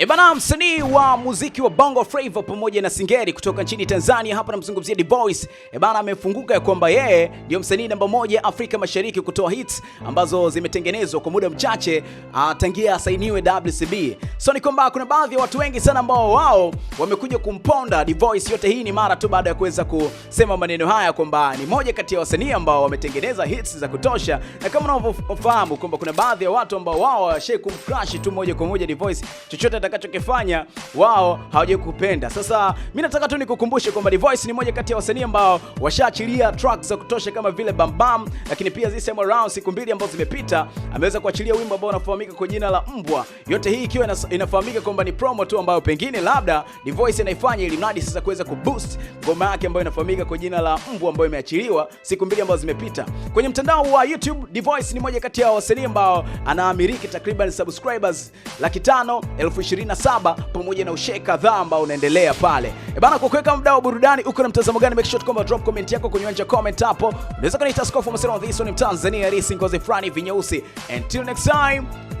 Ebana, eh, msanii wa muziki wa Bongo Flava pamoja na Singeli kutoka nchini Tanzania, hapa namzungumzia Boys. Ebana eh, amefunguka kwamba yeye ndio msanii namba moja Afrika Mashariki kutoa hits ambazo zimetengenezwa kwa muda mchache ah, tangia asainiwe WCB. So ni kwamba kuna baadhi ya watu wengi sana ambao wao wamekuja kumponda Boys. Yote hii ni mara tu baada ya kuweza kusema maneno haya kwamba ni moja kati ya wasanii ambao wametengeneza hits za kutosha, na kama unavyofahamu kwamba kuna baadhi ya watu ambao wao washe kumcrash tu moja kwa moja Dboyz chochote utakachokifanya wao hawajakupenda. Sasa mimi nataka tu nikukumbushe kwamba Divoice ni moja kati ya wasanii ambao washaachilia tracks za kutosha kama vile Bam Bam, lakini pia this time around siku mbili ambazo zimepita ameweza kuachilia wimbo ambao unafahamika kwa jina la Mbwa. Yote hii ikiwa inafahamika kwamba ni promo tu ambayo pengine labda Divoice anaifanya ili mradi sasa kuweza kuboost ngoma yake ambayo inafahamika kwa jina la Mbwa ambayo imeachiliwa siku mbili ambazo zimepita. Kwenye mtandao wa YouTube, Divoice ni moja kati ya wasanii ambao anaamiliki takriban subscribers laki tano elfu ishirini 27 pamoja na ushe kadhaa ambao unaendelea pale. E bana, kwa kuweka mdao wa burudani, uko na mtazamo gani? Make sure kwamba drop comment yako kwenye uwanja comment hapo. Unaweza kunita Skofu Maseno wa This One Tanzania, Racing Ngozi Fulani Vinyeusi. Until next time.